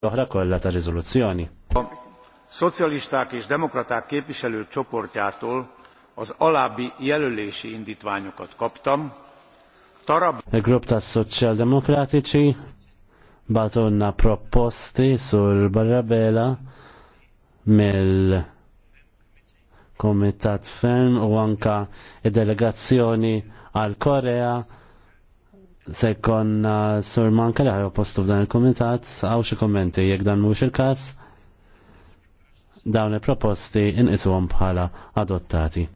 l-oħra kollha ta' riżoluzzjoni. Szocialisták és demokraták képviselő csoportjától az alábbi jelölési indítványokat kaptam. Tarab... A e grupp ta' soċjaldemokratiċi batonna proposti sul barabela mill komitat ferm u anka e delegazzjoni għal Korea se sur manka li ħajo postu f'dan il-kumitat għaw xi kommenti jekk dan mux il-każ dawn il-proposti inqisuhom bħala adottati.